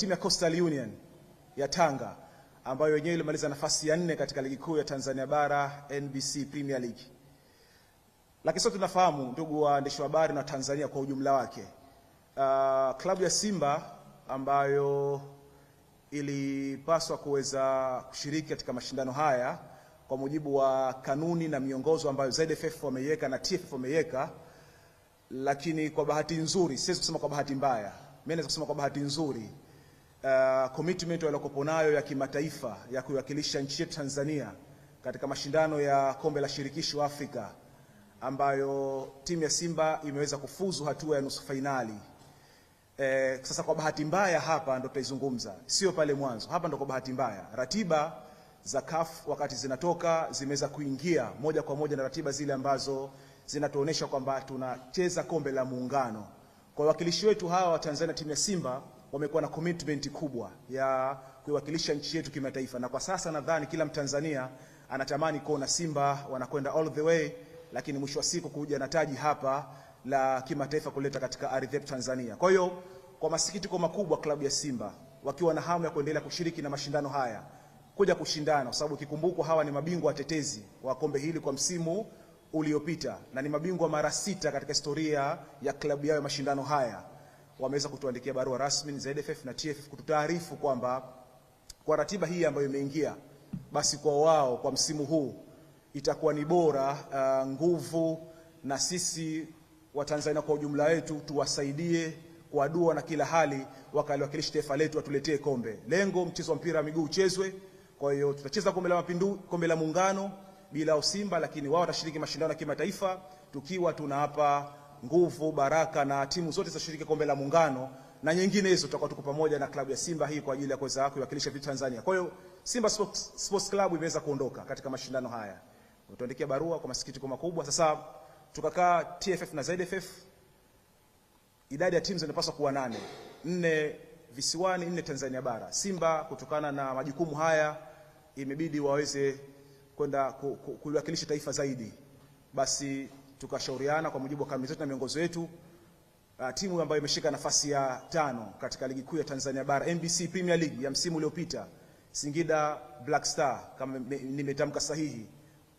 timu ya Coastal Union ya Tanga ambayo wenyewe ilimaliza nafasi ya nne katika ligi kuu ya Tanzania bara NBC Premier League. Lakini sote tunafahamu ndugu waandishi wa habari na Tanzania kwa ujumla wake, uh, klabu ya Simba ambayo ilipaswa kuweza kushiriki katika mashindano haya kwa mujibu wa kanuni na miongozo ambayo ZFF wameiweka na TFF wameiweka, lakini kwa bahati nzuri, siwezi kusema kwa bahati mbaya, mimi naweza kusema kwa bahati nzuri uh, commitment waliokopo nayo ya kimataifa ya kuiwakilisha nchi yetu Tanzania katika mashindano ya kombe la shirikisho Afrika ambayo timu ya Simba imeweza kufuzu hatua ya nusu fainali. Eh, sasa kwa bahati mbaya hapa ndo tutaizungumza, sio pale mwanzo. Hapa ndo kwa bahati mbaya ratiba za CAF wakati zinatoka zimeweza kuingia moja kwa moja na ratiba zile ambazo zinatuonesha kwamba tunacheza kombe la Muungano. Kwa wakilishi wetu hawa wa Tanzania, timu ya Simba wamekuwa na commitment kubwa ya kuiwakilisha nchi yetu kimataifa, na kwa sasa nadhani kila Mtanzania anatamani kuona Simba wanakwenda all the way, lakini mwisho wa siku kuja na taji hapa la kimataifa kuleta katika ardhi yetu Tanzania. Kwa hiyo kwa masikitiko makubwa, klabu ya Simba wakiwa na hamu ya kuendelea kushiriki na mashindano haya kuja kushindana, kwa sababu kikumbukwa, hawa ni mabingwa watetezi wa kombe hili kwa msimu uliopita na ni mabingwa mara sita katika historia ya klabu yao ya mashindano haya wameweza kutuandikia barua rasmi za ZFF na TFF kututaarifu kwamba kwa ratiba hii ambayo imeingia, basi kwa wao kwa msimu huu itakuwa ni bora uh, nguvu na sisi Watanzania kwa ujumla wetu tuwasaidie kwa dua na kila hali, wakaliwakilishi taifa letu, watuletee kombe. Lengo mchezo wa mpira wa miguu uchezwe. Kwa hiyo tutacheza kombe la mapindu, kombe la Muungano bila Simba, lakini wao watashiriki mashindano ya kimataifa tukiwa hapa nguvu, baraka na timu zote zitashiriki kombe la Muungano na nyingine hizo, tutakuwa tuko pamoja na klabu ya Simba hii kwa ajili ya kuweza kuiwakilisha vitu Tanzania. Kwa hiyo Simba Sports, Sports Club imeweza kuondoka katika mashindano haya. Tuandikia barua kwa masikitiko makubwa. Sasa tukakaa TFF na ZFF, idadi ya timu zinapaswa kuwa nane, nne visiwani, nne Tanzania bara. Simba kutokana na majukumu haya imebidi waweze kwenda kuliwakilisha taifa zaidi, basi tukashauriana kwa mujibu wa kanuni zetu na miongozo yetu. Uh, timu ambayo imeshika nafasi ya tano katika ligi kuu ya Tanzania bara NBC Premier League ya msimu uliopita Singida Black Star, kama nimetamka sahihi,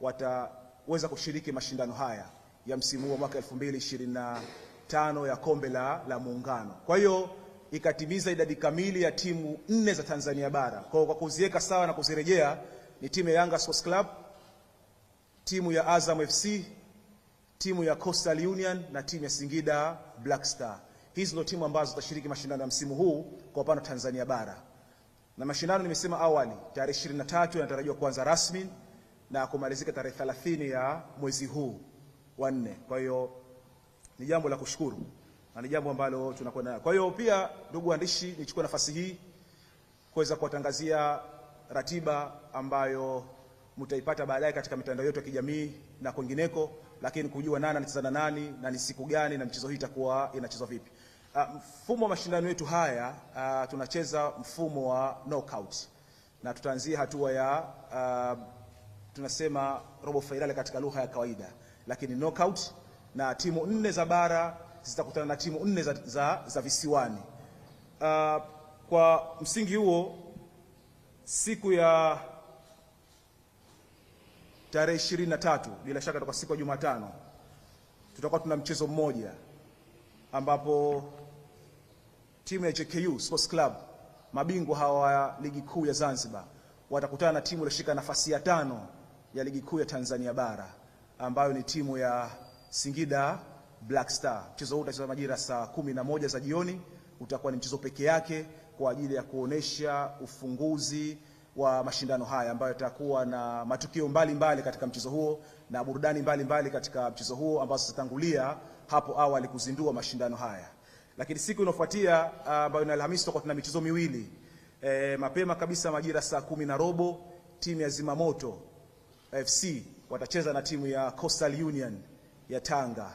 wataweza kushiriki mashindano haya ya msimu wa mwaka 2025 ya kombe la, la Muungano. Kwa hiyo ikatimiza idadi kamili ya timu nne za Tanzania bara. Kwa, kwa kuziweka sawa na kuzirejea ni timu ya Yanga Sports Club, timu ya Azam FC timu ya Coastal Union na timu ya Singida Black Star. Hizi ndio timu ambazo zitashiriki mashindano ya msimu huu kwa upande wa Tanzania bara, na mashindano nimesema awali, tarehe 23 yanatarajiwa kuanza rasmi na kumalizika tarehe 30 ya mwezi huu wa nne. Kwa hiyo ni jambo la kushukuru na ni jambo ambalo tunakwenda. Kwa hiyo pia, ndugu waandishi, nichukue nafasi hii kuweza kuwatangazia ratiba ambayo mtaipata baadaye katika mitandao yetu ya kijamii na kwingineko lakini kujua nani anacheza na nani na ni siku gani na mchezo hii itakuwa inachezwa vipi. Uh, mfumo wa mashindano yetu haya uh, tunacheza mfumo wa knockout na tutaanzia hatua ya uh, tunasema robo fainali katika lugha ya kawaida, lakini knockout, na timu nne za bara zitakutana na timu nne za, za, za visiwani. Uh, kwa msingi huo siku ya tarehe ishirini na tatu bila shaka toka siku ya Jumatano tutakuwa tuna mchezo mmoja ambapo timu ya JKU Sports Club mabingwa hawa wa ligi kuu ya Zanzibar watakutana na timu iliyoshika nafasi ya tano ya ligi kuu ya Tanzania bara ambayo ni timu ya Singida Black Star. Mchezo huu utachezwa majira saa kumi na moja za jioni, utakuwa ni mchezo peke yake kwa ajili ya kuonesha ufunguzi wa mashindano haya ambayo yatakuwa na matukio mbalimbali mbali katika mchezo huo na burudani mbalimbali mbali katika mchezo huo ambazo zitatangulia hapo awali kuzindua mashindano haya. Lakini siku inayofuatia ah, ambayo ni Alhamisi, tutakuwa tuna michezo miwili e, mapema kabisa majira saa kumi na robo timu ya Zimamoto FC watacheza na timu ya Coastal Union ya Tanga,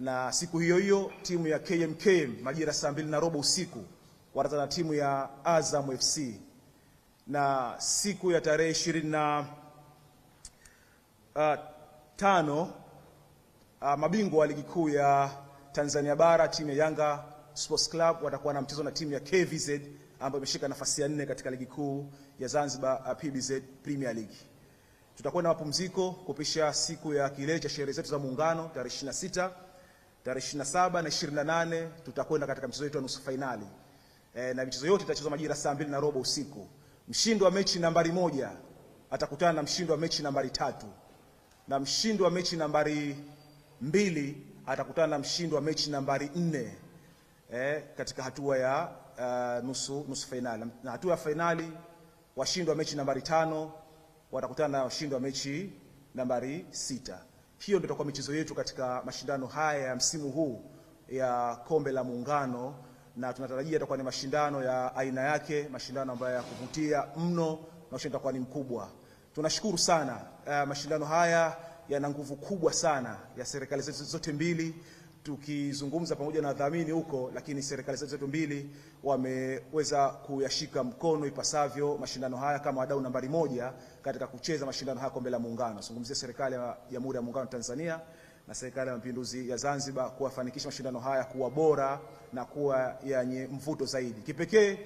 na siku hiyo hiyo timu ya KMKM majira saa mbili na robo usiku watacheza na timu ya Azam FC na siku ya tarehe ishirini na uh, tano uh, mabingwa wa ligi kuu ya Tanzania bara timu ya Yanga Sports Club watakuwa na mchezo na timu ya KVZ ambayo imeshika nafasi ya nne katika ligi kuu ya Zanzibar uh, PBZ Premier League. Tutakuwa na mapumziko kupisha siku ya kilele cha sherehe zetu za muungano tarehe 26, tarehe 27 na 28 tutakwenda katika mchezo wetu wa nusu fainali. E, eh, na michezo yote itachezwa majira saa mbili na robo usiku. Mshindi wa mechi nambari moja atakutana na mshindi wa mechi nambari tatu na mshindi wa mechi nambari mbili atakutana na mshindi wa mechi nambari nne eh, katika hatua ya uh, nusu, nusu fainali na hatua ya fainali washindi wa mechi nambari tano watakutana na washindi wa mechi nambari sita. Hiyo ndio itakuwa michezo yetu katika mashindano haya ya msimu huu ya Kombe la Muungano na tunatarajia itakuwa ni mashindano ya aina yake, mashindano ambayo ya kuvutia mno na ushindi utakuwa ni mkubwa. Tunashukuru sana. Uh, mashindano haya yana nguvu kubwa sana ya serikali zetu zote mbili tukizungumza pamoja na wadhamini huko, lakini serikali zetu mbili wameweza kuyashika mkono ipasavyo mashindano haya kama wadau nambari moja katika kucheza mashindano haya kombe la Muungano. Zungumzia serikali ya Jamhuri ya Muungano wa Tanzania na Serikali ya Mapinduzi ya Zanzibar kuwafanikisha mashindano haya kuwa bora na kuwa yenye mvuto zaidi. Kipekee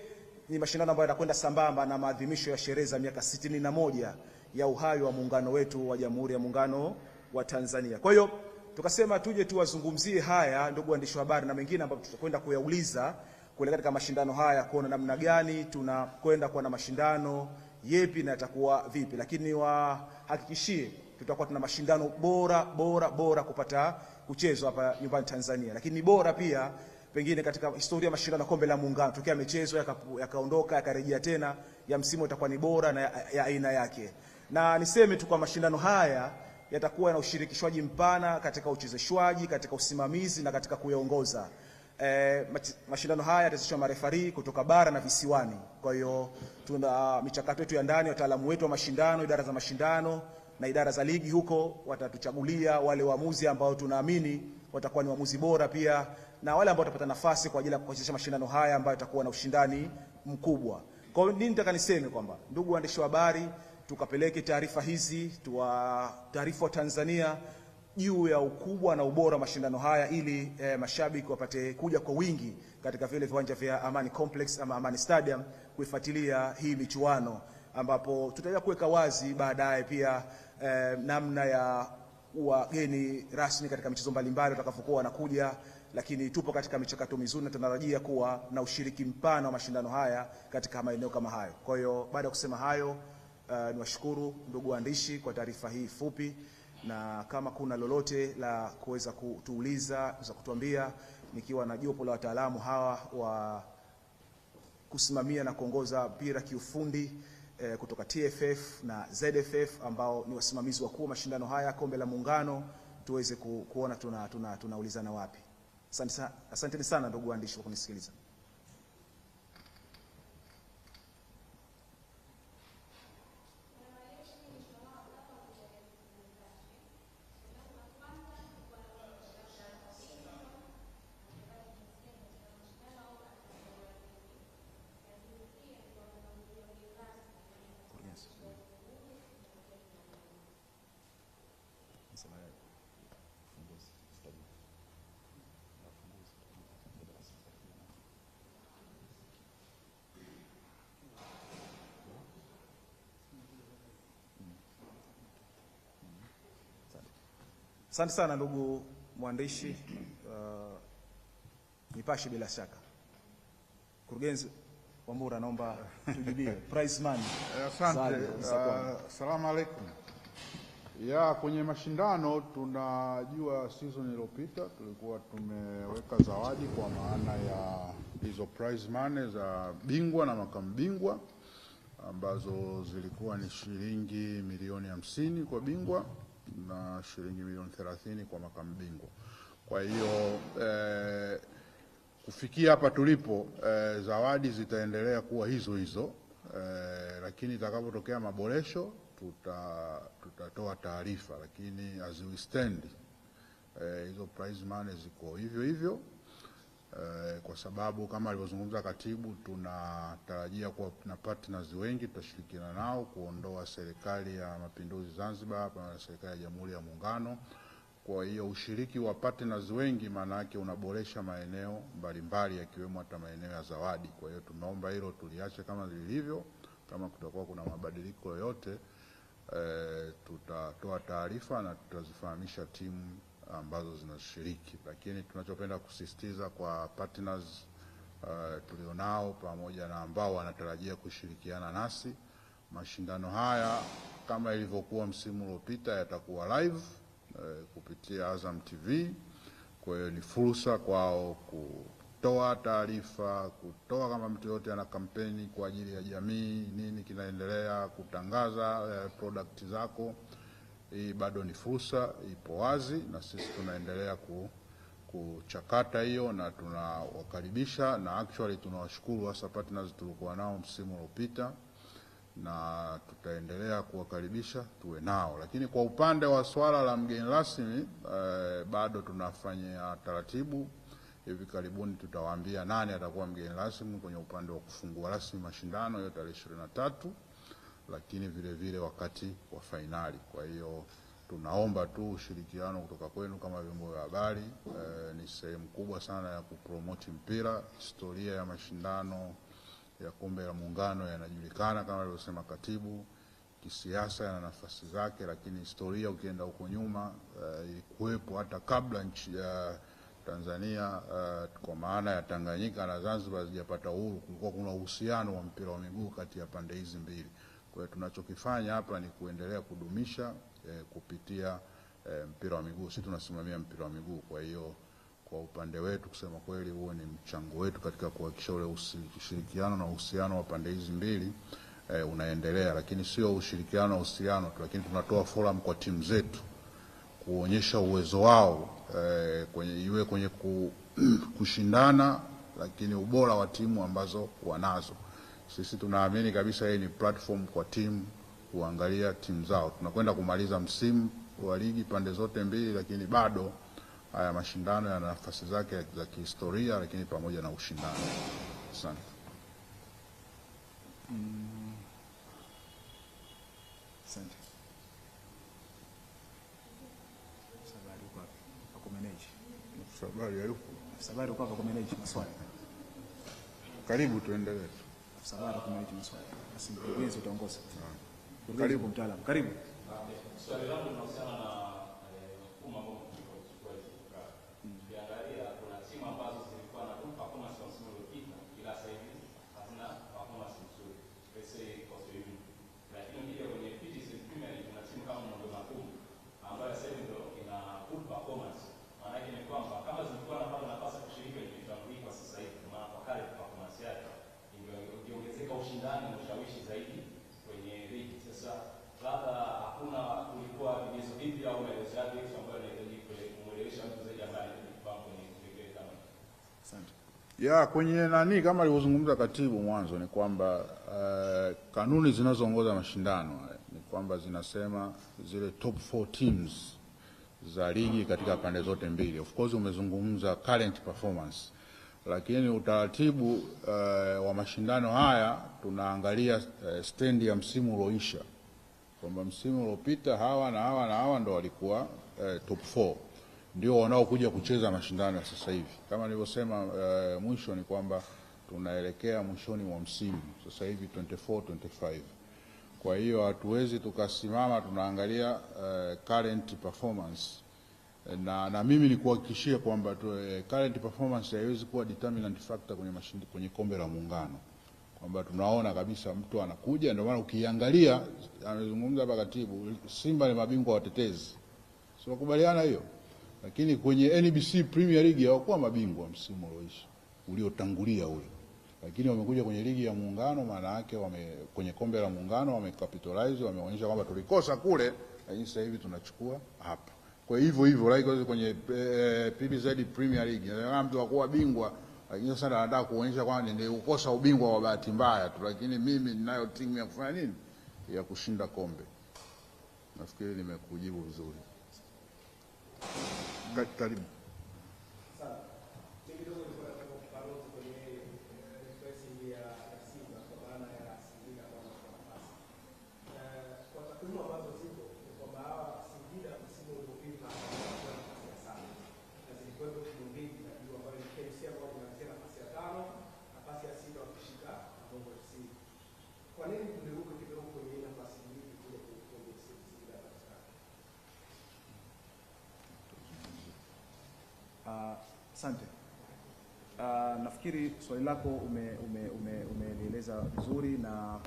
ni mashindano ambayo yanakwenda sambamba na maadhimisho ya sherehe za miaka sitini na moja ya uhai wa muungano wetu wa Jamhuri ya Muungano wa Tanzania. Kwa hiyo tukasema tuje tuwazungumzie haya, ndugu waandishi wa habari, na mengine ambayo tutakwenda kuyauliza kuelekea katika mashindano haya, kuona namna gani tunakwenda kuwa na mashindano yepi na yatakuwa vipi, lakini niwahakikishie tutakuwa tuna mashindano bora bora bora kupata kuchezwa hapa nyumbani Tanzania, lakini ni bora pia pengine katika historia ya mashindano ya kombe la Muungano tokea michezo yakaondoka yakarejea tena, ya msimu itakuwa ni bora na ya aina ya yake. Na niseme tu kwa mashindano haya yatakuwa na ushirikishwaji mpana katika uchezeshwaji, katika usimamizi na katika kuyaongoza. E, mashindano haya yatachezeshwa marefari kutoka bara na visiwani. Kwa hiyo tuna michakato yetu ya ndani, wataalamu wetu wa mashindano, idara za mashindano na idara za ligi huko watatuchagulia wale waamuzi ambao tunaamini watakuwa ni waamuzi bora pia na wale ambao watapata nafasi kwa ajili ya kuchezesha mashindano haya ambayo yatakuwa na ushindani mkubwa. Kwa hiyo nini nataka niseme kwamba, ndugu waandishi wa habari, tukapeleke taarifa hizi tuwa taarifa wa Tanzania juu ya ukubwa na ubora wa mashindano haya ili eh, mashabiki wapate kuja kwa wingi katika vile viwanja vya Amani Complex ama Amani Stadium kuifuatilia hii michuano ambapo tutaenda kuweka wazi baadaye pia eh, namna ya wageni rasmi katika michezo mbalimbali watakavyokuwa wanakuja, lakini tupo katika michakato mizuri na tunatarajia kuwa na ushiriki mpana wa mashindano haya katika maeneo kama hayo. Kwa hiyo baada ya kusema hayo, uh, niwashukuru ndugu waandishi kwa taarifa hii fupi, na kama kuna lolote la kuweza kutuuliza za kutuambia, nikiwa na jopo la wataalamu hawa wa kusimamia na kuongoza mpira kiufundi eh, kutoka TFF na ZFF ambao ni wasimamizi wakuu wa mashindano haya kombe la Muungano, tuweze ku, kuona tunaulizana tuna, tuna wapi. Asanteni sana ndugu waandishi kwa kunisikiliza. Asante sana ndugu mwandishi uh, Nipashe bila shaka. Mkurugenzi Wambura, naomba tujibie. Prize money. Asante. Uh, Asalamu alaykum. Ya kwenye mashindano tunajua season iliyopita tulikuwa tumeweka zawadi kwa maana ya hizo prize money za bingwa na makamu bingwa ambazo zilikuwa ni shilingi milioni hamsini kwa bingwa na shilingi milioni 30 kwa makamu bingwa. Kwa hiyo eh, kufikia hapa tulipo eh, zawadi zitaendelea kuwa hizo hizo eh, lakini itakapotokea maboresho tuta, tutatoa taarifa, lakini as we stand eh, hizo prize money ziko hivyo hivyo. Eh, kwa sababu kama alivyozungumza katibu, tunatarajia kuwa na partners wengi, tutashirikiana nao kuondoa serikali ya mapinduzi Zanzibar pamoja na serikali ya Jamhuri ya Muungano. Kwa hiyo ushiriki wa partners wengi maana yake unaboresha maeneo mbalimbali yakiwemo hata maeneo ya zawadi. Kwa hiyo tumeomba hilo tuliache kama lilivyo. Kama kutakuwa kuna mabadiliko yoyote, e, tutatoa taarifa na tutazifahamisha timu ambazo zinashiriki, lakini tunachopenda kusisitiza kwa partners uh, tulionao pamoja na ambao wanatarajia kushirikiana nasi, mashindano haya kama ilivyokuwa msimu uliopita yatakuwa live uh, kupitia Azam TV. Kwa hiyo ni fursa kwao kutoa taarifa, kutoa kama mtu yote ana kampeni kwa ajili ya jamii, nini kinaendelea, kutangaza uh, product zako. Hii bado ni fursa, ipo wazi na sisi tunaendelea ku, kuchakata hiyo na tunawakaribisha na actually tunawashukuru hasa partners tulikuwa nao msimu uliopita na tutaendelea kuwakaribisha tuwe nao, lakini kwa upande wa swala la mgeni rasmi eh, bado tunafanya taratibu. Hivi karibuni tutawaambia nani atakuwa mgeni rasmi kwenye upande wa kufungua rasmi mashindano hiyo tarehe ishirini na tatu lakini vile vile wakati wa fainali. Kwa hiyo tunaomba tu ushirikiano kutoka kwenu kama vyombo vya habari e, ni sehemu kubwa sana ya kupromoti mpira. Historia ya mashindano ya kombe la muungano yanajulikana kama alivyosema katibu, kisiasa yana nafasi zake, lakini historia ukienda huko nyuma e, ilikuwepo hata kabla nchi ya Tanzania uh, kwa maana ya Tanganyika na Zanzibar hazijapata uhuru, kulikuwa kuna uhusiano wa mpira wa miguu kati ya pande hizi mbili. Kwa hiyo tunachokifanya hapa ni kuendelea kudumisha eh, kupitia eh, mpira wa miguu. Sisi tunasimamia mpira wa miguu, kwa hiyo kwa upande wetu kusema kweli, huo ni mchango wetu katika kuhakikisha ule ushirikiano na uhusiano wa pande hizi mbili eh, unaendelea, lakini sio ushirikiano na uhusiano tu, lakini tunatoa forum kwa timu zetu kuonyesha uwezo wao eh, kwenye, iwe kwenye kushindana, lakini ubora wa timu ambazo wanazo. Sisi tunaamini kabisa hii ni platform kwa timu kuangalia timu zao. Tunakwenda kumaliza msimu wa ligi pande zote mbili, lakini bado haya mashindano yana nafasi zake za kihistoria, lakini pamoja na ushindani. Asante. Mm. Sabari Sabari Karibu tuendelee afisa bara kumaliza maswali, basi mkurugenzi utaongoza. Karibu mtaalamu, karibu. Swali langu linahusiana na Ya, kwenye nani kama alivyozungumza katibu mwanzo ni kwamba uh, kanuni zinazoongoza mashindano eh, ni kwamba zinasema zile top 4 teams za ligi katika pande zote mbili. Of course umezungumza current performance, lakini utaratibu uh, wa mashindano haya tunaangalia uh, eh, stendi ya msimu ulioisha kwamba msimu uliopita hawa na hawa na hawa ndo walikuwa uh, top 4 ndio wanaokuja kucheza mashindano ya sasa hivi. Kama nilivyosema uh, mwisho ni kwamba tunaelekea mwishoni mwa msimu sasa hivi 24 25. Kwa hiyo hatuwezi tukasimama tunaangalia uh, current performance eh, na, na mimi ni kuhakikishia kwamba current performance haiwezi kuwa determinant factor kwenye mashindi, kwenye kombe la Muungano, kwamba tunaona kabisa mtu anakuja. Ndio maana ukiangalia, amezungumza hapa katibu, Simba ni mabingwa watetezi, sio kubaliana hiyo lakini kwenye NBC Premier League hawakuwa mabingwa msimu ulioisha uliotangulia ule, lakini wamekuja kwenye ligi ya Muungano, maana yake wame kwenye kombe la Muungano wamecapitalize, wameonyesha kwamba tulikosa kule, lakini sasa hivi tunachukua hapa. Kwa hivyo hivyo like kwenye eh, PBZ Premier League eh, mtu akuwa bingwa lakini sasa anataka kuonyesha kwamba nilikosa ubingwa wa bahati mbaya tu, lakini mimi ninayo timu ya kufanya nini, ya kushinda kombe. Nafikiri nimekujibu vizuri. がいたりも Asante. Uh, nafikiri swali lako umelieleza ume, ume, ume vizuri na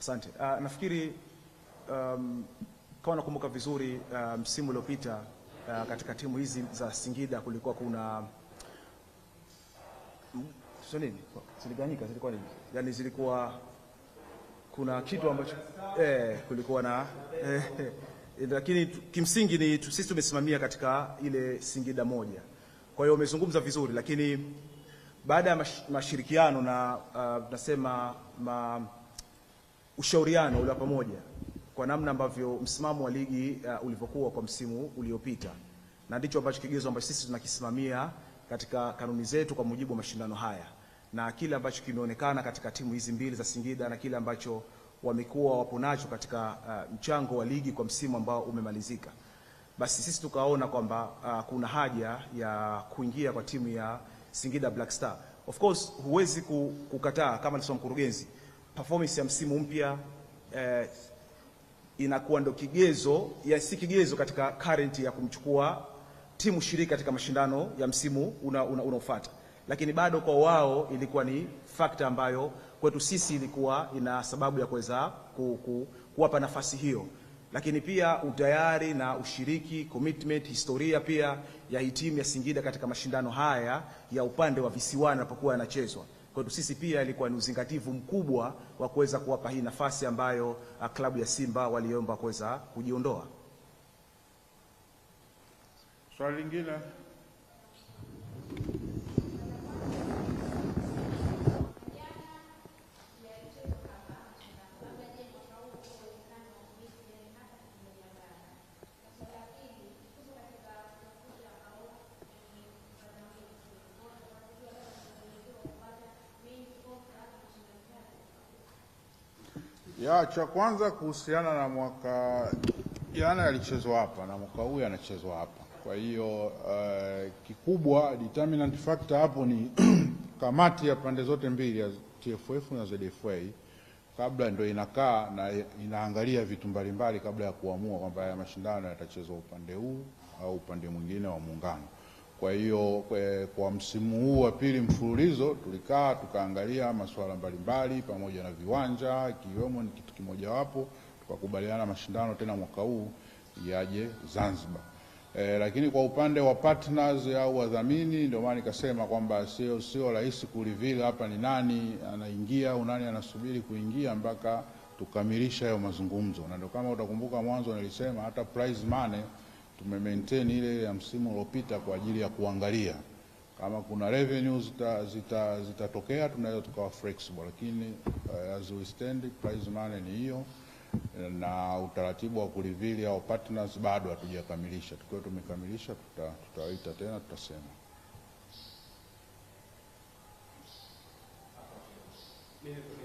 Asante. Uh, nafikiri um, kama nakumbuka vizuri msimu um, uliopita uh, katika timu hizi za Singida kulikuwa kuna mm, sio nini ziliganyika, zilikuwa nini, yani zilikuwa kuna kitu ambacho eh, kulikuwa na eh, lakini kimsingi ni sisi tumesimamia katika ile Singida moja. Kwa hiyo umezungumza vizuri, lakini baada ya mash, mashirikiano na uh, nasema ma, ushauriano ule wa pamoja kwa namna ambavyo msimamo wa ligi uh, ulivyokuwa kwa msimu uliopita, na ndicho ambacho kigezo ambacho sisi tunakisimamia katika kanuni zetu kwa mujibu wa mashindano haya, na kile ambacho kimeonekana katika timu hizi mbili za Singida na kile ambacho wamekuwa wapo nacho katika uh, mchango wa ligi kwa msimu ambao umemalizika, basi sisi tukaona kwamba uh, kuna haja ya kuingia kwa timu ya Singida Black Star. Of course huwezi kukataa kama nilisema mkurugenzi, performance ya msimu mpya eh, inakuwa ndo kigezo ya si kigezo katika current ya kumchukua timu shiriki katika mashindano ya msimu unaofuata una, una lakini bado kwa wao ilikuwa ni fakta ambayo kwetu sisi ilikuwa ina sababu ya kuweza ku, ku, kuwapa nafasi hiyo, lakini pia utayari na ushiriki commitment, historia pia ya hii timu ya Singida katika mashindano haya ya upande wa visiwani anapokuwa yanachezwa. Kwetu sisi pia ilikuwa ni uzingativu mkubwa wa kuweza kuwapa hii nafasi ambayo ah, klabu ya Simba waliomba kuweza kujiondoa. Swali lingine. Ya cha kwanza kuhusiana na mwaka jana yalichezwa hapa na mwaka huu yanachezwa hapa. Kwa hiyo uh, kikubwa determinant factor hapo ni kamati ya pande zote mbili ya TFF na ZFA kabla ndio inakaa na inaangalia vitu mbalimbali kabla ya kuamua kwamba haya mashindano yatachezwa upande huu au upande mwingine wa muungano. Kwa hiyo kwa msimu huu wa pili mfululizo tulikaa tukaangalia masuala mbalimbali pamoja na viwanja ikiwemo ni kitu kimojawapo, tukakubaliana mashindano tena mwaka huu yaje Zanzibar. E, lakini kwa upande wa partners au wadhamini, ndio maana nikasema kwamba sio sio rahisi kulivile hapa, ni nani anaingia au nani anasubiri kuingia mpaka tukamilisha hayo mazungumzo, na ndio kama utakumbuka mwanzo nilisema hata prize money tumemaintain ile ya msimu uliopita kwa ajili ya kuangalia kama kuna revenue zitatokea zita, zita tunaweza tukawa flexible, lakini uh, as we stand prize money ni hiyo, na utaratibu wa kulivili au partners bado hatujakamilisha. Tukiwa tumekamilisha, tutawaita tuta tena tutasema. Mimi